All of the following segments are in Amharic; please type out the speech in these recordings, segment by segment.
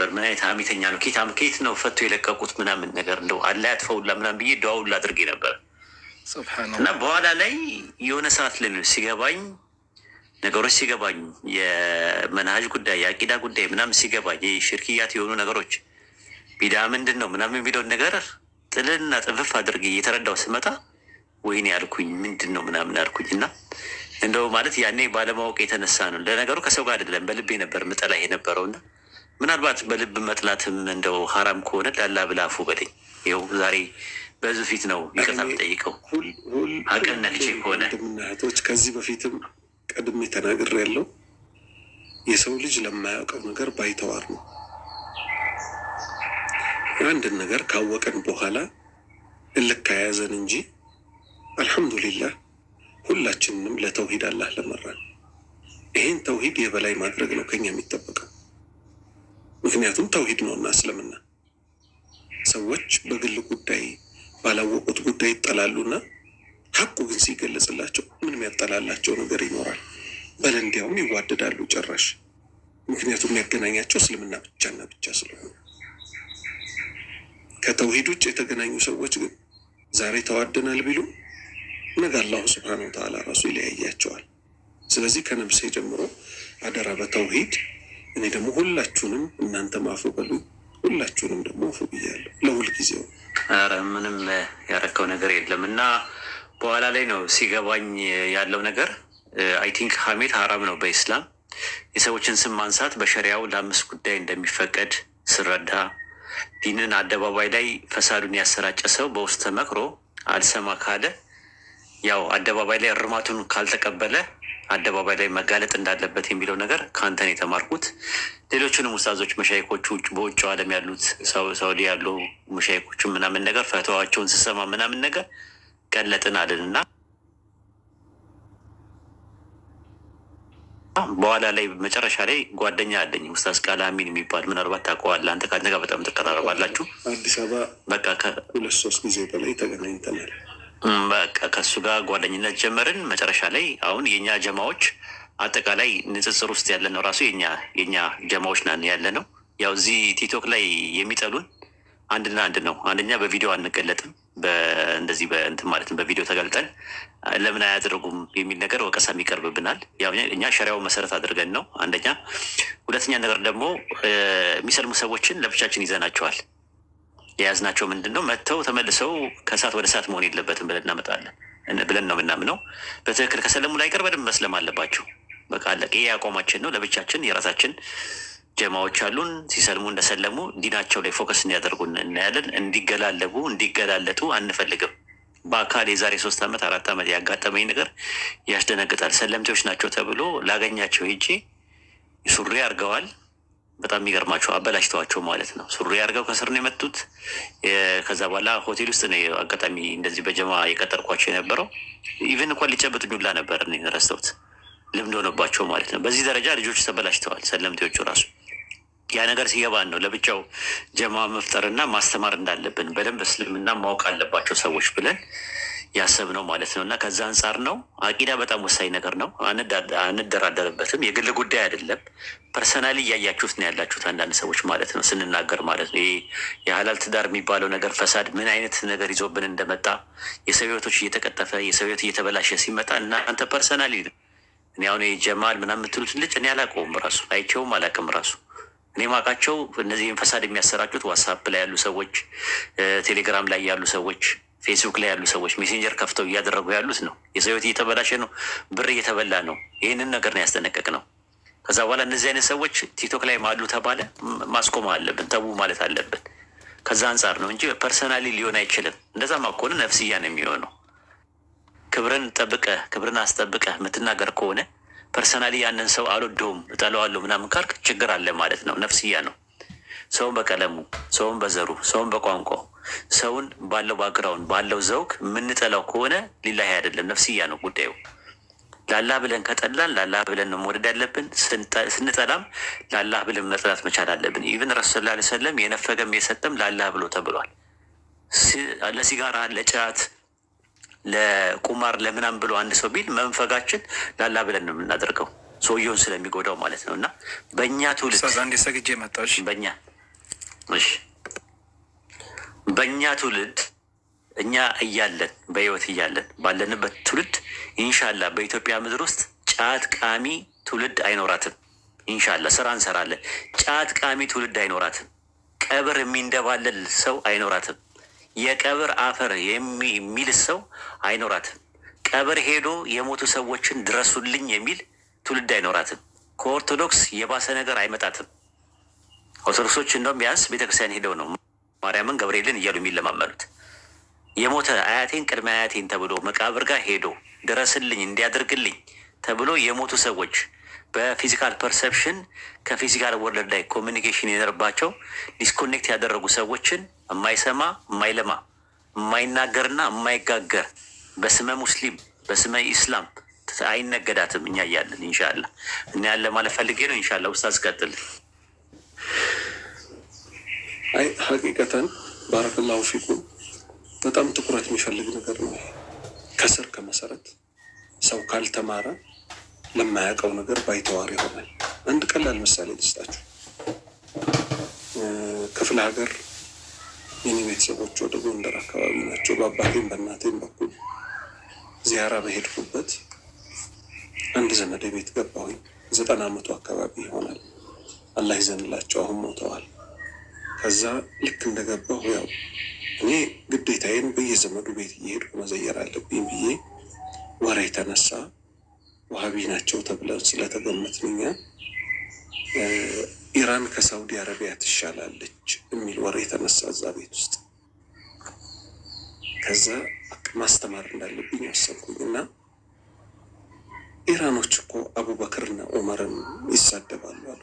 ነበር። ምን አይነት አሚተኛ ነው? ኬት ኬት ነው ፈቶ የለቀቁት ምናምን ነገር እንደው አላ ያጥፈውላ ምናምን ብዬ ደዋውላ አድርጌ ነበር እና በኋላ ላይ የሆነ ሰዓት ልን ሲገባኝ ነገሮች ሲገባኝ የመናሀጅ ጉዳይ የአቂዳ ጉዳይ ምናምን ሲገባኝ ሽርክያት የሆኑ ነገሮች ቢዳ ምንድን ነው ምናምን የሚለውን ነገር ጥልልና ጥንፍፍ አድርጌ እየተረዳው ስመጣ ወይኔ ያልኩኝ ምንድን ነው ምናምን ያልኩኝ እና እንደው ማለት ያኔ ባለማወቅ የተነሳ ነው። ለነገሩ ከሰው ጋር አይደለም በልቤ ነበር ምጠላ የነበረውና ምናልባት በልብ መጥላትም እንደው ሀራም ከሆነ ላላ ብላፉ አፉ በለኝ። ይኸው ዛሬ በህዝብ ፊት ነው ይቅርታ የምጠይቀው። ሀቅና ልጅ ከሆነ ምናቶች ከዚህ በፊትም ቀድሜ ተናግር ያለው የሰው ልጅ ለማያውቀው ነገር ባይተዋር ነው። አንድን ነገር ካወቀን በኋላ እልክ ከያዘን እንጂ አልሐምዱሊላህ ሁላችንንም ለተውሂድ አላህ ለመራን። ይህን ተውሂድ የበላይ ማድረግ ነው ከኛ የሚጠበቀው። ምክንያቱም ተውሂድ ነውና እስልምና። ሰዎች በግል ጉዳይ ባላወቁት ጉዳይ ይጠላሉና ሀቁ ግን ሲገለጽላቸው ምንም ያጠላላቸው ነገር ይኖራል? በል እንዲያውም ይዋደዳሉ ጭራሽ። ምክንያቱም የሚያገናኛቸው እስልምና ብቻና ብቻ ስለሆነ። ከተውሂድ ውጭ የተገናኙ ሰዎች ግን ዛሬ ተዋደናል ቢሉ ነገ አላሁ ስብሓነሁ ወተዓላ ራሱ ይለያያቸዋል። ስለዚህ ከነብሴ ጀምሮ አደራ በተውሂድ እኔ ደግሞ ሁላችሁንም እናንተ አፍ በሉ፣ ሁላችሁንም ደግሞ አፍ ብያለሁ ለሁል ጊዜው። ኧረ ምንም ያረከው ነገር የለም እና በኋላ ላይ ነው ሲገባኝ ያለው ነገር አይ ቲንክ ሀሜት ሀራም ነው በኢስላም የሰዎችን ስም ማንሳት በሸሪያው ለአምስት ጉዳይ እንደሚፈቀድ ስረዳ ዲንን አደባባይ ላይ ፈሳዱን ያሰራጨ ሰው በውስጥ ተመክሮ አልሰማ ካለ ያው አደባባይ ላይ እርማቱን ካልተቀበለ አደባባይ ላይ መጋለጥ እንዳለበት የሚለው ነገር ከአንተን የተማርኩት። ሌሎችንም ውስታዞች መሻይኮቹ በውጭ ዓለም ያሉት ሳውዲ ያሉ መሻይኮቹ ምናምን ነገር ፈተዋቸውን ስሰማ ምናምን ነገር ቀለጥን አልን እና በኋላ ላይ መጨረሻ ላይ ጓደኛ አለኝ ውስታዝ ቃል አሚን የሚባል ምናልባት ታውቀዋለህ አንተ ከአንተ ጋር በጣም ትቀራረባላችሁ። አዲስ አበባ በቃ ሁለት ሶስት ጊዜ በላይ ተገናኝተናል። በቃ ከእሱ ጋር ጓደኝነት ጀመርን። መጨረሻ ላይ አሁን የእኛ ጀማዎች አጠቃላይ ንጽጽር ውስጥ ያለ ነው። ራሱ የኛ የኛ ጀማዎች ናን ያለ ነው። ያው እዚህ ቲክቶክ ላይ የሚጠሉን አንድና አንድ ነው። አንደኛ በቪዲዮ አንገለጥም፣ እንደዚህ በእንትን ማለት በቪዲዮ ተገልጠን ለምን አያደርጉም የሚል ነገር ወቀሳም ይቀርብብናል። ያው እኛ ሸሪያው መሰረት አድርገን ነው አንደኛ። ሁለተኛ ነገር ደግሞ የሚሰልሙ ሰዎችን ለብቻችን ይዘናቸዋል። የያዝናቸው ምንድን ነው? መጥተው ተመልሰው ከእሳት ወደ እሳት መሆን የለበትም ብለን እናመጣለን ብለን ነው የምናምነው። በትክክል ከሰለሙ ላይ ቀር በደንብ መስለም አለባቸው። በቃ አለቀ። ይሄ አቋማችን ነው። ለብቻችን የራሳችን ጀማዎች አሉን። ሲሰልሙ እንደሰለሙ ዲናቸው ላይ ፎከስ እንዲያደርጉ እናያለን። እንዲገላለቡ እንዲገላለጡ አንፈልግም። በአካል የዛሬ ሶስት ዓመት አራት ዓመት ያጋጠመኝ ነገር ያስደነግጣል። ሰለምቴዎች ናቸው ተብሎ ላገኛቸው ሄጄ ሱሪ አድርገዋል በጣም የሚገርማቸው አበላሽተዋቸው ማለት ነው። ሱሪ አድርገው ከስር ነው የመጡት። ከዛ በኋላ ሆቴል ውስጥ ነው አጋጣሚ እንደዚህ በጀማ የቀጠርኳቸው የነበረው። ኢቨን እንኳን ሊጨበጥ ዱላ ነበር ረስተውት ልምድ ሆነባቸው ማለት ነው። በዚህ ደረጃ ልጆች ተበላሽተዋል። ሰለምቴዎቹ ራሱ ያ ነገር ሲገባን ነው ለብቻው ጀማ መፍጠርና ማስተማር እንዳለብን በደንብ እስልምና ማወቅ አለባቸው ሰዎች ብለን ያሰብ ነው ማለት ነው። እና ከዛ አንጻር ነው አቂዳ በጣም ወሳኝ ነገር ነው፣ አንደራደርበትም። የግል ጉዳይ አይደለም። ፐርሰናሊ እያያችሁት ነው ያላችሁት አንዳንድ ሰዎች ማለት ነው ስንናገር ማለት ነው። ይሄ የሀላል ትዳር የሚባለው ነገር ፈሳድ ምን አይነት ነገር ይዞብን እንደመጣ የሰው እየተቀጠፈ የሰው እየተበላሸ ሲመጣ እናንተ ፐርሰናሊ ነው እኔ አሁን ጀማል ምናምን የምትሉት ልጅ እኔ አላውቀውም፣ ራሱ አይቼውም አላውቅም ራሱ እኔ ማውቃቸው እነዚህን ፈሳድ የሚያሰራጩት ዋትሳፕ ላይ ያሉ ሰዎች፣ ቴሌግራም ላይ ያሉ ሰዎች ፌስቡክ ላይ ያሉ ሰዎች ሜሴንጀር ከፍተው እያደረጉ ያሉት ነው። የሰው ህይወት እየተበላሸ ነው፣ ብር እየተበላ ነው። ይህንን ነገር ነው ያስጠነቀቅ ነው። ከዛ በኋላ እነዚህ አይነት ሰዎች ቲክቶክ ላይ ማሉ ተባለ፣ ማስቆም አለብን፣ ተዉ ማለት አለብን። ከዛ አንጻር ነው እንጂ ፐርሰናሊ ሊሆን አይችልም። እንደዛ ማኮነ ነፍስያ ነው የሚሆነው። ክብርን ጠብቀ ክብርን አስጠብቀ የምትናገር ከሆነ ፐርሰናሊ ያንን ሰው አልወደውም እጠለዋለሁ ምናምን ካልክ ችግር አለ ማለት ነው። ነፍስያ ነው። ሰውን በቀለሙ፣ ሰውን በዘሩ፣ ሰውን በቋንቋው፣ ሰውን ባለው ባግራውን ባለው ዘውግ የምንጠላው ከሆነ ሊላህ አይደለም ነፍስያ ነው ጉዳዩ። ላላህ ብለን ከጠላን ላላህ ብለን ነው መውደድ ያለብን። ስንጠላም ላላህ ብለን መጥላት መቻል አለብን። ኢብን ረሱ ላ ሰለም የነፈገም የሰጠም ላላህ ብሎ ተብሏል። ለሲጋራ ለጫት ለቁማር ለምናም ብሎ አንድ ሰው ቢል መንፈጋችን ላላ ብለን ነው የምናደርገው ሰውየውን ስለሚጎዳው ማለት ነው። እና በእኛ ትውልድ በእኛ እሺ በእኛ ትውልድ እኛ እያለን በህይወት እያለን ባለንበት ትውልድ ኢንሻላ በኢትዮጵያ ምድር ውስጥ ጫት ቃሚ ትውልድ አይኖራትም። ኢንሻላ ስራ እንሰራለን። ጫት ቃሚ ትውልድ አይኖራትም። ቀብር የሚንደባለል ሰው አይኖራትም። የቀብር አፈር የሚል ሰው አይኖራትም። ቀብር ሄዶ የሞቱ ሰዎችን ድረሱልኝ የሚል ትውልድ አይኖራትም። ከኦርቶዶክስ የባሰ ነገር አይመጣትም። ኦርቶዶክሶች እንደውም ቢያንስ ቤተክርስቲያን ሄደው ነው ማርያምን ገብርኤልን እያሉ የሚለማመኑት። የሞተ አያቴን ቅድመ አያቴን ተብሎ መቃብር ጋር ሄዶ ድረስልኝ እንዲያደርግልኝ ተብሎ የሞቱ ሰዎች በፊዚካል ፐርሰፕሽን ከፊዚካል ወርልድ ላይ ኮሚኒኬሽን የነርባቸው ዲስኮኔክት ያደረጉ ሰዎችን የማይሰማ የማይለማ የማይናገርና የማይጋገር በስመ ሙስሊም በስመ ኢስላም አይነገዳትም እኛ እያለን እንሻላ እና ያለ ማለት ፈልጌ ነው። እንሻላ ውስጥ አስቀጥል አይ ሀቂቀተን ባረከላሁ ፊኩም በጣም ትኩረት የሚፈልግ ነገር ነው። ከስር ከመሰረት ሰው ካልተማረ ለማያውቀው ነገር ባይተዋር ይሆናል። አንድ ቀላል ምሳሌ ልስጣችሁ። ክፍለ ሀገር የኔ ቤተሰቦች ወደ ጎንደር አካባቢ ናቸው። በአባቴም በእናቴም በኩል ዚያራ በሄድኩበት አንድ ዘመዴ ቤት ገባሁኝ። ዘጠና አመቱ አካባቢ ይሆናል። አላህ ይዘንላቸው፣ አሁን ሞተዋል። ከዛ ልክ እንደገባሁ ያው እኔ ግዴታዬን በየዘመዱ ቤት እየሄድኩ መዘየር አለብኝ ብዬ ወሬ የተነሳ ዋሃቢ ናቸው ተብለን ስለተገመትን እኛ ኢራን ከሳውዲ አረቢያ ትሻላለች የሚል ወሬ የተነሳ እዛ ቤት ውስጥ ከዛ ማስተማር እንዳለብኝ ወሰንኩኝ እና ኢራኖች እኮ አቡበክርና ዑመርን ይሳደባሉ አሉ።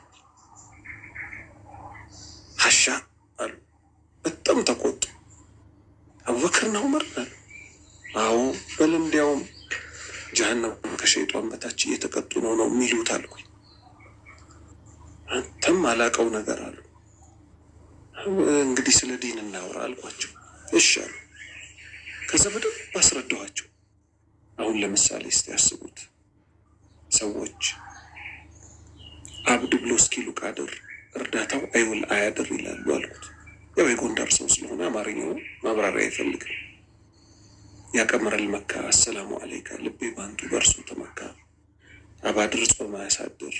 በጣም ተቆጡ። አቡበክርና ዑመር ይላሉ። አዎ በል እንዲያውም ጀሀነም ከሸይጧን በታች እየተቀጡ ነው ነው የሚሉት አልኩኝ። አንተም አላቀው ነገር አሉ። እንግዲህ ስለ ዲን እናውራ አልኳቸው። እሺ አሉ። ከዛ በደንብ አስረዳኋቸው። አሁን ለምሳሌ እስቲ ያስቡት ሰዎች አብድ ብሎ እስኪሉ ቃድር እርዳታው አይውል አያድር ይላሉ አልኩት። ያው የጎንደር ሰው ስለሆነ አማርኛው ማብራሪያ አይፈልግም። ያቀምረል መካ አሰላሙ አለይካ ልቤ ባንቱ በእርሶ ተመካ አባድር ጾም አያሳድር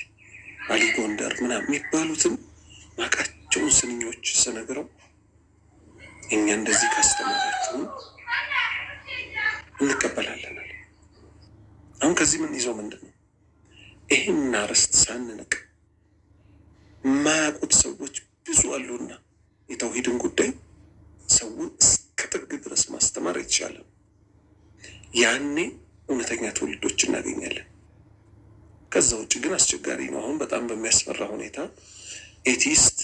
አሊ ጎንደር ምናምን የሚባሉትን ማቃቸውን ስንኞች ስነግረው እኛ እንደዚህ ካስተማራችሁ እንቀበላለን። አሁን ከዚህ ምን ይዘው ምንድን ነው ይህን አርዕስት ሳንንቅ የማያውቁት ሰዎች ብዙ አሉና የተውሂድን ጉዳይ ሰውን እስከ ጥግ ድረስ ማስተማር አይቻልም። ያኔ እውነተኛ ትውልዶች እናገኛለን። ከዛ ውጭ ግን አስቸጋሪ ነው። አሁን በጣም በሚያስፈራ ሁኔታ ኤቲስት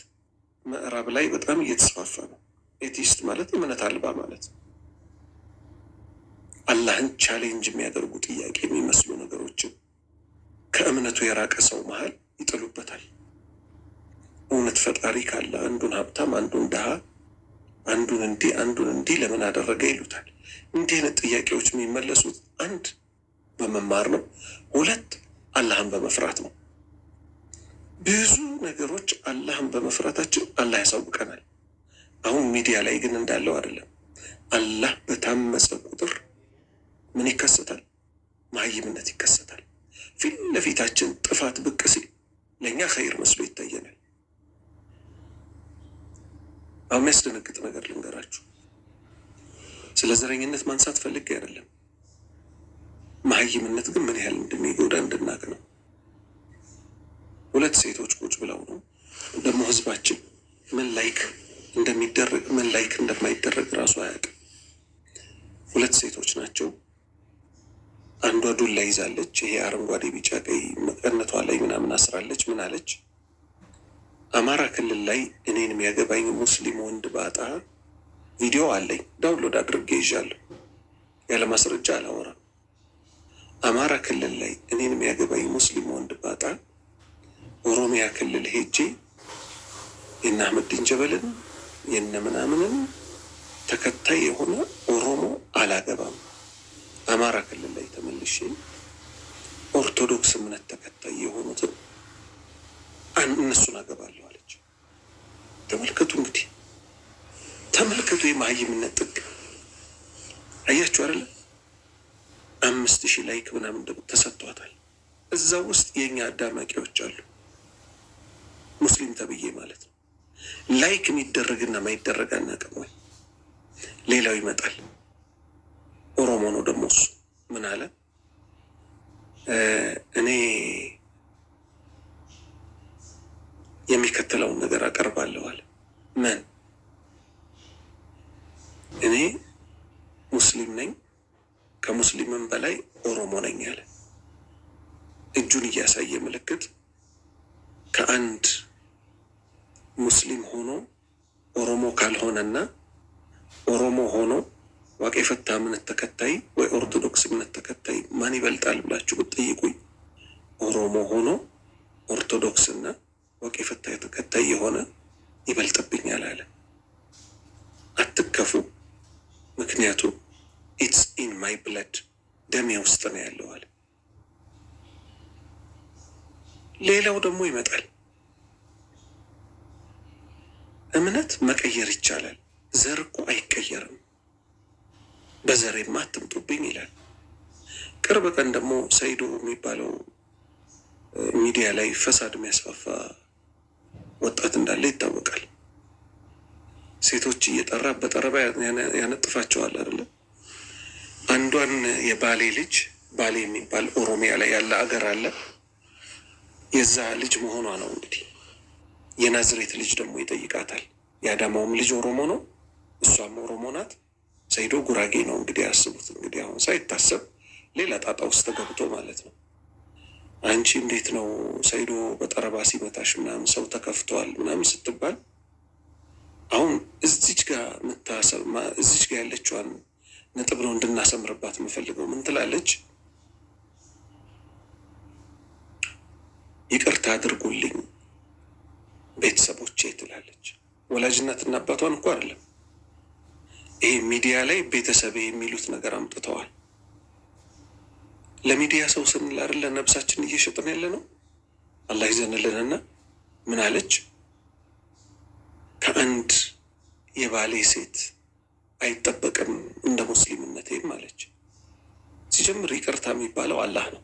ምዕራብ ላይ በጣም እየተስፋፋ ነው። ኤቲስት ማለት እምነት አልባ ማለት ነው። አላህን ቻሌንጅ የሚያደርጉ ጥያቄ የሚመስሉ ነገሮችን ከእምነቱ የራቀ ሰው መሀል ይጥሉበታል። እውነት ፈጣሪ ካለ አንዱን ሀብታም አንዱን ድሃ አንዱን እንዲህ አንዱን እንዲህ ለምን አደረገ ይሉታል። እንዲህ አይነት ጥያቄዎች የሚመለሱት አንድ በመማር ነው፣ ሁለት አላህን በመፍራት ነው። ብዙ ነገሮች አላህን በመፍራታችን አላህ ያሳውቀናል። አሁን ሚዲያ ላይ ግን እንዳለው አይደለም። አላህ በታመፀ ቁጥር ምን ይከሰታል? መሀይምነት ይከሰታል። ፊት ለፊታችን ጥፋት ብቅ ሲል ለእኛ ኸይር መስሎ ይታየናል። አሁን የሚያስደነግጥ ነገር ልንገራችሁ። ስለ ዘረኝነት ማንሳት ፈልግ አይደለም። መሀይምነት ግን ምን ያህል እንደሚጎዳ እንድናቅ ነው። ሁለት ሴቶች ቁጭ ብለው ነው ደግሞ ህዝባችን ምን ላይክ እንደሚደረግ ምን ላይክ እንደማይደረግ እራሱ አያውቅም። ሁለት ሴቶች ናቸው። አንዷ ዱላ ይዛለች። ይሄ አረንጓዴ፣ ቢጫ፣ ቀይ መቀነቷ ላይ ምናምን አስራለች። ምን አለች? አማራ ክልል ላይ እኔን የሚያገባኝ ሙስሊም ወንድ ባጣ ቪዲዮ አለኝ፣ ዳውንሎድ አድርጌ ይዣለሁ። ያለ ማስረጃ አላወራም። አማራ ክልል ላይ እኔን የሚያገባኝ ሙስሊም ወንድ ባጣ ኦሮሚያ ክልል ሄጄ የና አህመዲን ጀበልን የነ ምናምንን ተከታይ የሆነ ኦሮሞ አላገባም። አማራ ክልል ላይ ተመልሼ ኦርቶዶክስ እምነት ተከታይ የሆኑትን እነሱን አገባለሁ። ተመልከቱ እንግዲህ ተመልከቱ የመሀይምነት ጥግ አያችሁ አይደለም። አምስት ሺህ ላይክ ምናምን ተሰጥቷታል። እዛ ውስጥ የእኛ አዳማቂዎች አሉ፣ ሙስሊም ተብዬ ማለት ነው። ላይክ የሚደረግና ማይደረግ አናውቅም ወይ? ሌላው ይመጣል። ኦሮሞ ነው ደግሞ እሱ ምን አለ እኔ የሚከተለውን ነገር አቀርባለዋል። ምን እኔ ሙስሊም ነኝ፣ ከሙስሊምም በላይ ኦሮሞ ነኝ ያለ እጁን እያሳየ ምልክት ከአንድ ሙስሊም ሆኖ ኦሮሞ ካልሆነና ኦሮሞ ሆኖ ዋቄ ፈታ እምነት ተከታይ ወይ ኦርቶዶክስ እምነት ተከታይ ማን ይበልጣል ብላችሁ ብትጠይቁኝ ኦሮሞ ሆኖ ኦርቶዶክስና ወቅ የፈታ ቀጣይ የሆነ ይበልጥብኛል አለ። አትከፉ፣ ምክንያቱ ኢትስ ኢን ማይ ብለድ ደሜ ውስጥ ነው ያለው አለ። ሌላው ደግሞ ይመጣል። እምነት መቀየር ይቻላል። ዘር እኮ አይቀየርም። በዘሬማ አትምጡብኝ ይላል። ቅርብ ቀን ደግሞ ሰይዶ የሚባለው ሚዲያ ላይ ፈሳድ የሚያስፋፋ ወጣት እንዳለ ይታወቃል። ሴቶች እየጠራ በጠረባ ያነጥፋቸዋል አይደለ? አንዷን የባሌ ልጅ ባሌ የሚባል ኦሮሚያ ላይ ያለ አገር አለ። የዛ ልጅ መሆኗ ነው እንግዲህ። የናዝሬት ልጅ ደግሞ ይጠይቃታል። የአዳማውም ልጅ ኦሮሞ ነው፣ እሷም ኦሮሞ ናት። ሰይዶ ጉራጌ ነው እንግዲህ ያስቡት። እንግዲህ አሁን ሳይታሰብ ሌላ ጣጣ ውስጥ ተገብቶ ማለት ነው። አንቺ እንዴት ነው ሰይዶ በጠረባ ሲመታሽ ምናምን ሰው ተከፍቷል ምናምን ስትባል አሁን እዚች ጋር ምታሰብ እዚች ጋር ያለችዋን ነጥብ ነው እንድናሰምርባት የምፈልገው። ምን ትላለች? ይቅርታ አድርጉልኝ ቤተሰቦቼ ትላለች። ወላጅናትና አባቷን እኮ አይደለም። ይሄ ሚዲያ ላይ ቤተሰብ የሚሉት ነገር አምጥተዋል። ለሚዲያ ሰው ስንል አይደለ ነብሳችን እየሸጥን ያለ ነው። አላህ ይዘንልንና ምን አለች? ከአንድ የባሌ ሴት አይጠበቅም እንደ ሙስሊምነቴም አለች። ሲጀምር ይቅርታ የሚባለው አላህ ነው።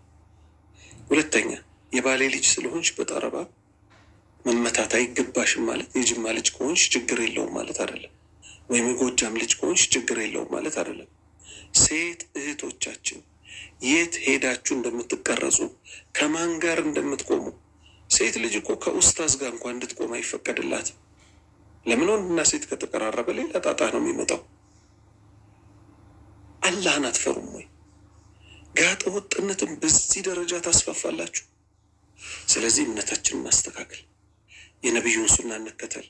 ሁለተኛ የባሌ ልጅ ስለሆንሽ በጠረባ መመታት አይገባሽም ማለት የጅማ ልጅ ከሆንሽ ችግር የለውም ማለት አይደለም። ወይም የጎጃም ልጅ ከሆንሽ ችግር የለውም ማለት አይደለም። ሴት እህቶቻችን የት ሄዳችሁ እንደምትቀረጹ ከማን ጋር እንደምትቆሙ። ሴት ልጅ እኮ ከኡስታዝ ጋር እንኳ እንድትቆም አይፈቀድላት። ለምን? ወንድና ሴት ከተቀራረበ ሌላ ጣጣ ነው የሚመጣው። አላህን አትፈሩም ወይ? ጋጠ ወጥነትን በዚህ ደረጃ ታስፋፋላችሁ። ስለዚህ እምነታችንን እናስተካክል፣ የነቢዩን ሱና እንከተል፣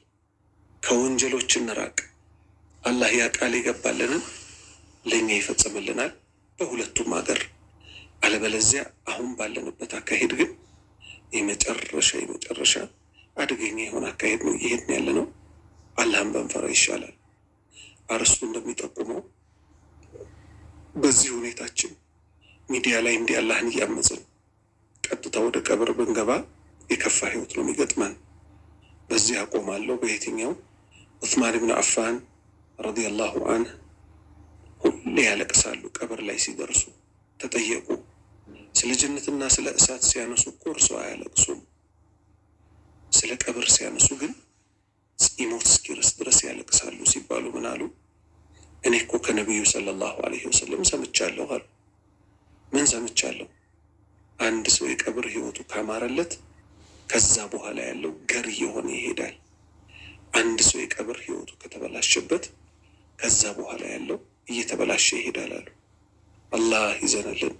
ከወንጀሎች እንራቅ። አላህ ያ ቃል የገባልንን ለእኛ ይፈጽምልናል። በሁለቱም ሀገር። አለበለዚያ አሁን ባለንበት አካሄድ ግን የመጨረሻ የመጨረሻ አደገኛ የሆነ አካሄድ ነው እየሄድን ያለ ነው። አላህን በንፈራው ይሻላል። አርዕስቱ እንደሚጠቁመው በዚህ ሁኔታችን ሚዲያ ላይ እንዲህ አላህን እያመጽን ቀጥታ ወደ ቀብር ብንገባ የከፋ ህይወት ነው የሚገጥመን። በዚህ አቆማለሁ። በየትኛው ዑስማን ብን አፋን ረዲየላሁ አንህ ያለቅሳሉ። ቀብር ላይ ሲደርሱ ተጠየቁ። ስለ ጀነትና ስለ እሳት ሲያነሱ እኮ እርሶ አያለቅሱም። ስለ ቀብር ሲያነሱ ግን ኢሞት እስኪርስ ድረስ ያለቅሳሉ ሲባሉ ምን አሉ? እኔ እኮ ከነቢዩ ሰለላሁ አለይሂ ወሰለም ሰምቻለሁ አሉ። ምን ሰምቻለሁ? አንድ ሰው የቀብር ህይወቱ ካማረለት ከዛ በኋላ ያለው ገር እየሆነ ይሄዳል። አንድ ሰው የቀብር ህይወቱ ከተበላሸበት ከዛ በኋላ ያለው እየተበላሸ ይሄዳል አሉ። አላህ ይዘንልን፣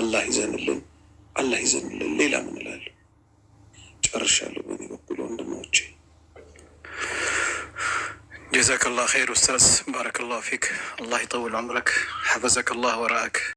አላህ ይዘንልን፣ አላህ ይዘንልን። ሌላ ምን እላለሁ? ጨርሻለሁ። በእኔ በኩል ወንድሞቼ ጀዛከላህ ኸይር ኡስታዝ ባረከላሁ ፊክ። አላህ ይጠውል ዑምረክ ሐፈዘከላህ ወራአክ።